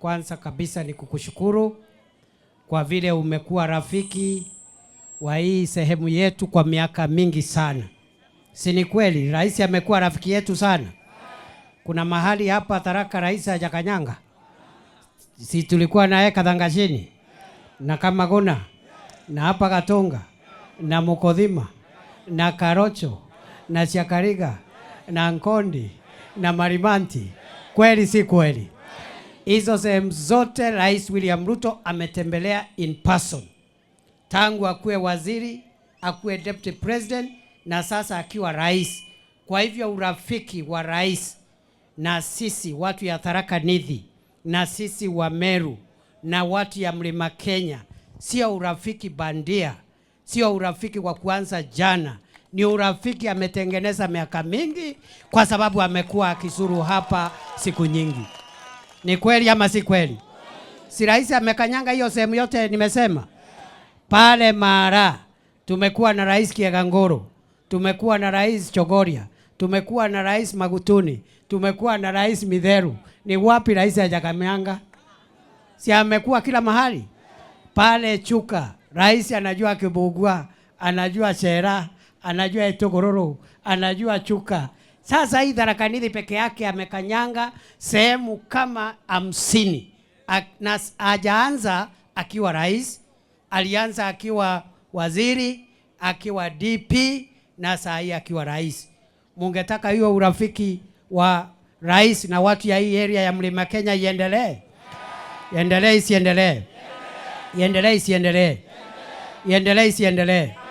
Kwanza kabisa ni kukushukuru kwa vile umekuwa rafiki wa hii sehemu yetu kwa miaka mingi sana. Si ni kweli rais amekuwa rafiki yetu sana? Kuna mahali hapa Tharaka rais hajakanyanga, si tulikuwa naye Kadhangashini na Kamaguna na hapa Katonga na Mukodhima na Karocho na Chakariga na Nkondi na Marimanti, kweli si kweli? Hizo sehemu zote Rais William Ruto ametembelea in person tangu akuwe waziri, akuwe deputy president na sasa akiwa rais. Kwa hivyo urafiki wa rais na sisi watu ya Tharaka Nithi na sisi wa Meru na watu ya Mlima Kenya sio urafiki bandia, sio urafiki wa kuanza jana, ni urafiki ametengeneza miaka mingi, kwa sababu amekuwa akizuru hapa siku nyingi. Ni kweli ama si kweli? Si rais amekanyanga hiyo sehemu yote nimesema pale Mara. Tumekuwa na rais Kieganguru, tumekuwa na rais Chogoria, tumekuwa na rais Magutuni, tumekuwa na rais Midheru. Ni wapi rais hajakamianga? Si amekuwa kila mahali pale Chuka. Rais anajua Kibugua, anajua Chera, anajua Itogororo, anajua Chuka. Sasa hii Tharaka peke yake amekanyanga sehemu kama hamsini na hajaanza akiwa rais, alianza akiwa waziri, akiwa DP na saa hii akiwa rais. Mungetaka hiyo urafiki wa rais na watu ya hii area ya mlima Kenya iendelee? Iendelee isiendelee? Iendelee isiendelee? Iendelee isiendelee?